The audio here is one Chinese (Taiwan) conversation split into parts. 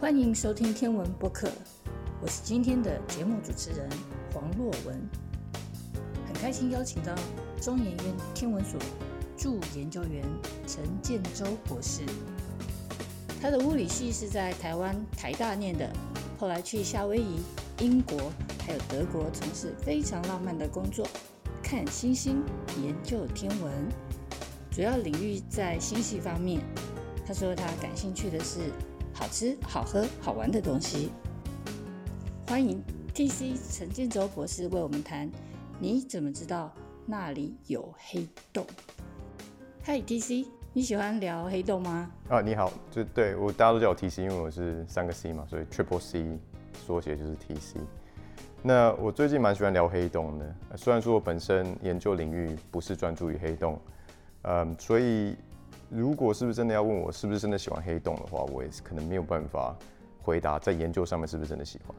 歡迎收聽天文播客，我是今天的節目主持人黃若文。很開心邀請到中研院天文所助研究員陳建州博士。他的物理系是在台灣台大念的，後來去夏威夷、英國還有德國從事非常浪漫的工作，看星星、研究天文，主要領域在星系方面。他說他感興趣的是，好吃、好喝、好玩的東西，歡迎 TC 陳建州博士為我們談。你怎麼知道那裡有黑洞？嗨，TC，你喜歡聊黑洞嗎？啊，你好，就對，我大家都叫我 TC，因為我是三個 C 嘛，所以 Triple C 縮寫就是 TC。那我最近蠻喜歡聊黑洞的，雖然說我本身研究領域不是專注於黑洞，嗯，所以。如果是不是真的要問我是不是真的喜歡黑洞的話，我也是可能沒有辦法回答。在研究上面是不是真的喜歡？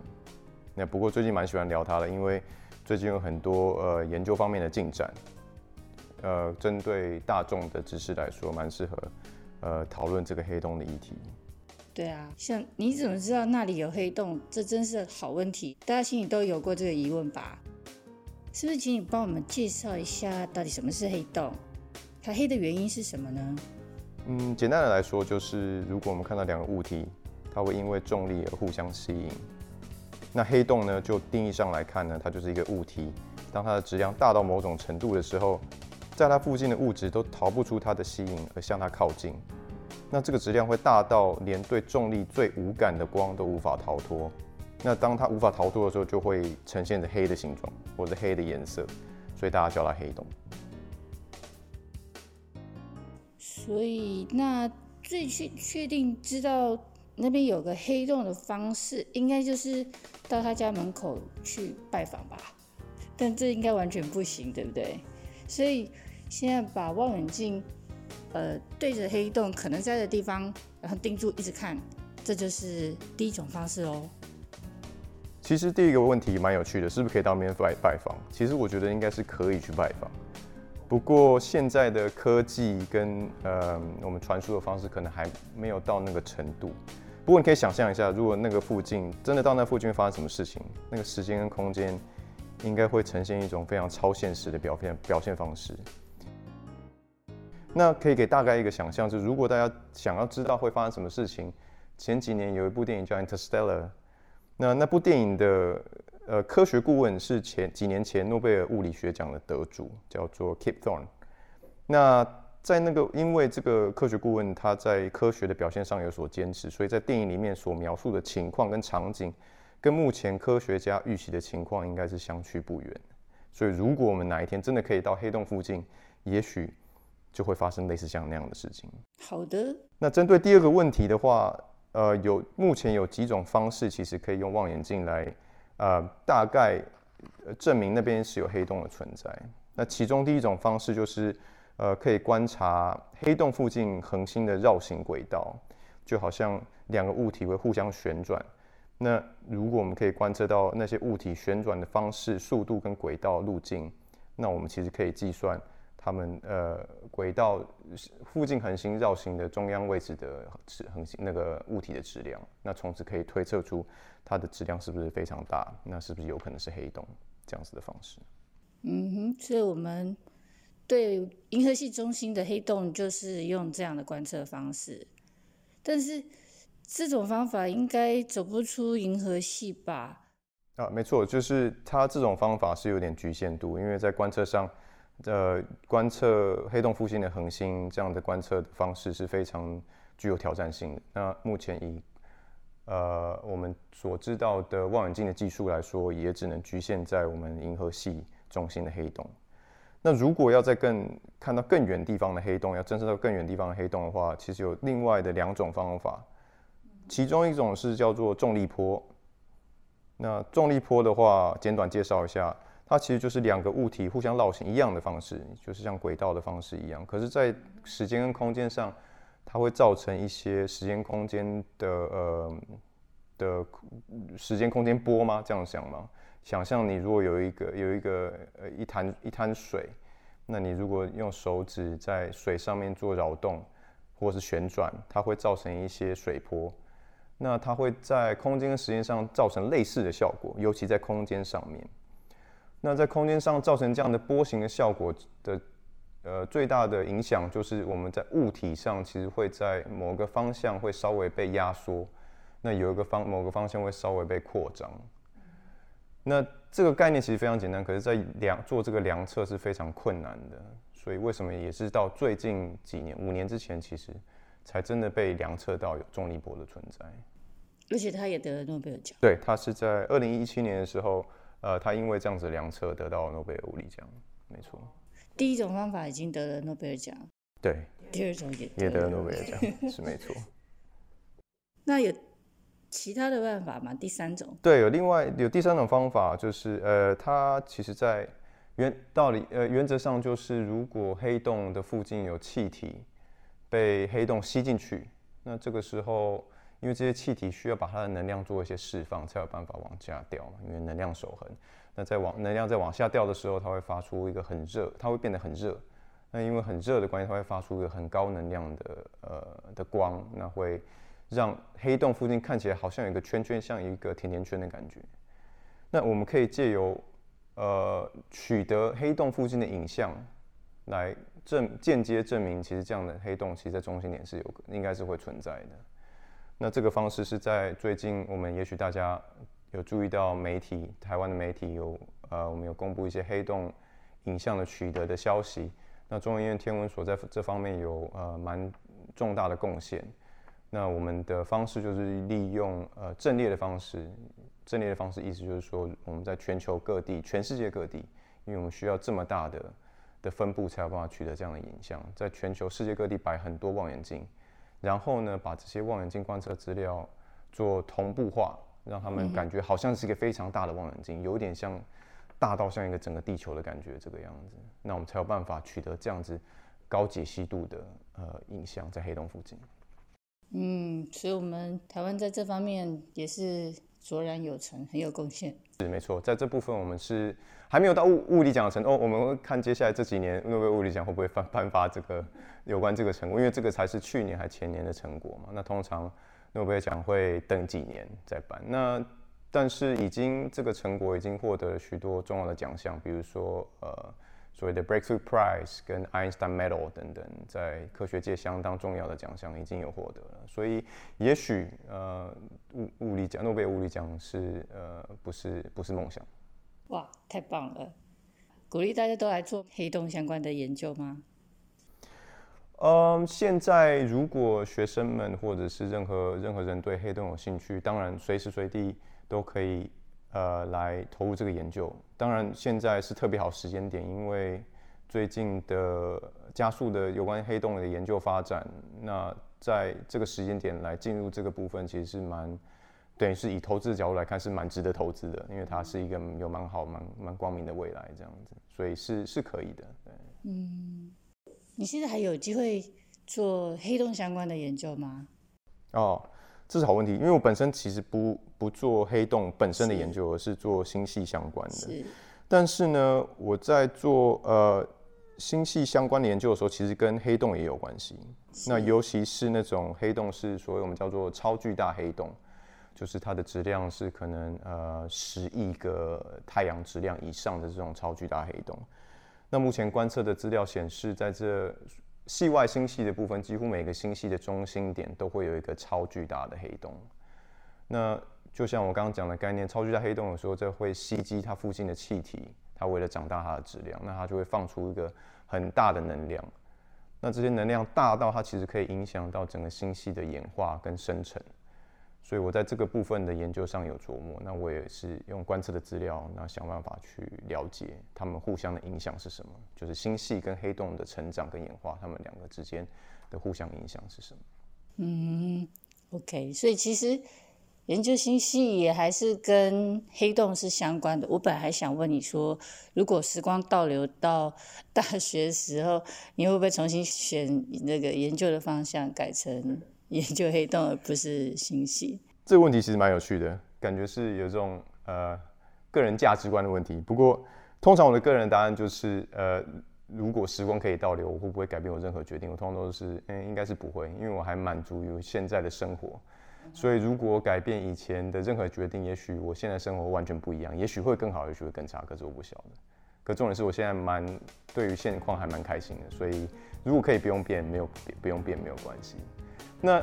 那不過最近蠻喜歡聊它的，因為最近有很多呃研究方面的進展，呃，針對大眾的知識來說蠻適合呃討論這個黑洞的議題。對啊，像你怎麼知道那裡有黑洞？這真是好問題，大家心裡都有過這個疑問吧？是不是請你幫我們介紹一下到底什麼是黑洞？它黑的原因是什麼呢？嗯，簡單的來說就是，如果我們看到兩個物體，它會因為重力而互相吸引。那黑洞呢，就定義上來看呢，它就是一個物體。當它的質量大到某種程度的時候，在它附近的物質都逃不出它的吸引而向它靠近。那這個質量會大到連對重力最無感的光都無法逃脫。那當它無法逃脫的時候，就會呈現着黑的形狀或者黑的顏色，所以大家叫它黑洞。所以，那最確確定知道那邊有個黑洞的方式，應該就是到他家門口去拜訪吧？但這應該完全不行，對不對？所以現在把望遠鏡，呃，對着黑洞可能在的地方，然後盯住一直看，這就是第一種方式嘍。其實第一個問題蠻有趣的，是不是可以當面拜拜訪？其實我覺得應該是可以去拜訪。不過現在的科技跟呃我們傳輸的方式可能還沒有到那個程度。不過你可以想象一下，如果那個附近真的到那附近發生什麼事情，那個時間跟空間應該會呈現一種非常超現實的表現表現方式。那可以給大概一個想象就是如果大家想要知道會發生什麼事情，前幾年有一部電影叫《Interstellar》，那那部電影的。呃，科學顧問是前幾年前諾貝爾物理學獎的得主，叫做 Kip Thorne。那在那個，因為這個科學顧問他在科學的表現上有所堅持，所以在電影裡面所描述的情況跟場景，跟目前科學家預期的情況應該是相去不遠。所以，如果我們哪一天真的可以到黑洞附近，也許就會發生類似像那樣的事情。好的。那針對第二個問題的話，呃，有目前有幾種方式，其實可以用望遠鏡來。呃，大概呃證明那邊是有黑洞的存在。那其中第一種方式就是，呃，可以觀察黑洞附近恆星的繞行軌道，就好像兩個物體會互相旋轉。那如果我們可以觀測到那些物體旋轉的方式、速度跟軌道路徑，那我們其實可以計算。他們呃，軌道附近恆星繞行的中央位置的質恆星那個物體的質量，那從此可以推測出它的質量是不是非常大？那是不是有可能是黑洞這樣子的方式？嗯哼，所以我們對銀河系中心的黑洞就是用這樣的觀測方式，但是這種方法應該走不出銀河系吧？啊，沒錯，就是它這種方法是有點局限度，因為在觀測上。呃，觀測黑洞附近的恆星這樣的觀測的方式是非常具有挑戰性的。那目前以呃我們所知道的望遠鏡的技術來說，也只能局限在我們銀河系中心的黑洞。那如果要再更看到更遠地方的黑洞，要偵測到更遠地方的黑洞的話，其實有另外的兩種方法，其中一種是叫做重力波。那重力波的話，簡短介紹一下。它其實就是兩個物體互相繞行一樣的方式，就是像軌道的方式一樣。可是，在時間跟空間上，它會造成一些時間空間的呃的時間空間波嗎？這樣想嗎？想象你如果有一個有一個呃一灘一灘水，那你如果用手指在水上面做擾動或是旋轉，它會造成一些水波。那它會在空間跟時間上造成類似的效果，尤其在空間上面。那在空間上造成這樣的波形的效果的，呃，最大的影響就是我們在物體上其實會在某個方向會稍微被壓縮，那有一個方某個方向會稍微被擴張。那這個概念其實非常簡單，可是，在量做這個量測是非常困難的，所以為什麼也是到最近幾年五年之前，其實才真的被量測到有重力波的存在，而且他也得了諾貝爾獎。對，他是在二零一七年的時候。呃，他因為這樣子的量測得到了諾貝爾物理獎，沒錯。第一種方法已經得了諾貝爾獎，對。第二種也得也得了諾貝爾獎， 是沒錯。那有其他的辦法嗎？第三種？對，有另外有第三種方法，就是呃，它其實，在原道理呃原則上就是，如果黑洞的附近有氣體被黑洞吸進去，那這個時候。因為這些氣體需要把它的能量做一些釋放，才有辦法往下掉嘛。因為能量守恆，那在往能量在往下掉的時候，它會發出一個很熱，它會變得很熱。那因為很熱的關係，它會發出一個很高能量的呃的光，那會讓黑洞附近看起來好像有一個圈圈，像一個甜甜圈的感覺。那我們可以借由呃取得黑洞附近的影像，來證間接證明，其實這樣的黑洞其實在中心點是有應該是會存在的。那這個方式是在最近，我們也許大家有注意到媒體，台灣的媒體有呃，我們有公布一些黑洞影像的取得的消息。那中研院天文所在這方面有呃蠻重大的貢獻。那我們的方式就是利用呃陣列的方式，陣列的方式意思就是說我們在全球各地、全世界各地，因為我們需要這麼大的的分布才有辦法取得這樣的影像，在全球世界各地擺很多望遠鏡。然後呢，把這些望遠鏡觀測資料做同步化，讓他們感覺好像是一個非常大的望遠鏡，有點像大到像一個整個地球的感覺這個樣子。那我們才有辦法取得這樣子高解析度的呃影像在黑洞附近。嗯，所以我們台灣在這方面也是卓然有成，很有貢獻。是沒錯，在這部分我們是還沒有到物物理獎的程度，哦，我們會看接下來這幾年諾貝爾物理獎會不會頒頒發這個有關這個成果，因為這個才是去年還前年的成果嘛。那通常諾貝爾獎會等幾年再頒。那但是已經這個成果已經獲得了許多重要的獎項，比如說呃。所謂的 Breakthrough Prize 跟 Einstein Medal 等等，在科學界相當重要的獎項已經有獲得了，所以也許呃物物理獎、諾貝爾物理獎是呃不是不是夢想。哇，太棒了！鼓勵大家都來做黑洞相關的研究嗎？嗯、呃，現在如果學生們或者是任何任何人對黑洞有興趣，當然隨時隨地都可以。呃，來投入這個研究。當然，現在是特別好時間點，因為最近的加速的有關黑洞的研究發展，那在這個時間點來進入這個部分，其實是蠻，等於是以投資的角度來看，是蠻值得投資的，因為它是一個有蠻好、蠻蠻光明的未來這樣子，所以是是可以的。對，嗯，你現在還有機會做黑洞相關的研究嗎？哦。這是好問題，因為我本身其實不不做黑洞本身的研究，而是做星系相關的。是但是呢，我在做呃星系相關的研究的時候，其實跟黑洞也有關係。是。那尤其是那種黑洞是所謂我們叫做超巨大黑洞，就是它的質量是可能呃十億個太陽質量以上的這種超巨大黑洞。那目前觀測的資料顯示，在這。系外星系的部分，幾乎每個星系的中心點都會有一個超巨大的黑洞。那就像我剛剛講的概念，超巨大黑洞有時候，這會吸積它附近的氣體，它為了長大它的質量，那它就會放出一個很大的能量。那這些能量大到它其實可以影響到整個星系的演化跟生成。所以我在這個部分的研究上有琢磨，那我也是用觀測的資料，那想辦法去了解他們互相的影響是什麼，就是星系跟黑洞的成長跟演化，他們兩個之間的互相影響是什麼？嗯，OK，所以其實研究星系也還是跟黑洞是相關的。我本來還想問你說，如果時光倒流到大學時候，你會不會重新選那個研究的方向，改成？研究黑洞而不是星系，這個問題其實蠻有趣的，感覺是有這種呃個人價值觀的問題。不過通常我的個人答案就是呃，如果時光可以倒流，我會不會改變我任何決定？我通常都是嗯、欸，應該是不會，因為我還滿足於現在的生活。Okay. 所以如果改變以前的任何決定，也許我現在生活完全不一樣，也許會更好，也許會更差，可是我不曉得。可重點是我現在蠻對於現況還蠻開心的，所以如果可以不用變，沒有，不用變，沒有關係。那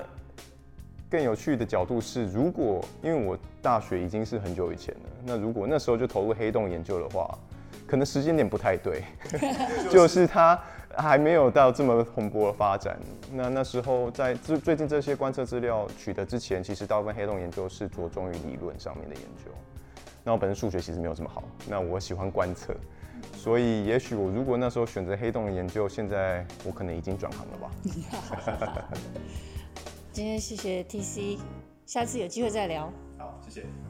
更有趣的角度是，如果因為我大學已經是很久以前了，那如果那時候就投入黑洞研究的話，可能時間點不太對， 就是它還沒有到這麼蓬勃的發展。那那時候在最最近這些觀測資料取得之前，其實大部分黑洞研究是着重於理論上面的研究。那我本身數學其實沒有這麼好，那我喜歡觀測，所以也許我如果那時候選擇黑洞的研究，現在我可能已經轉行了吧。 今天謝謝 TC，下次有機會再聊。好，謝謝。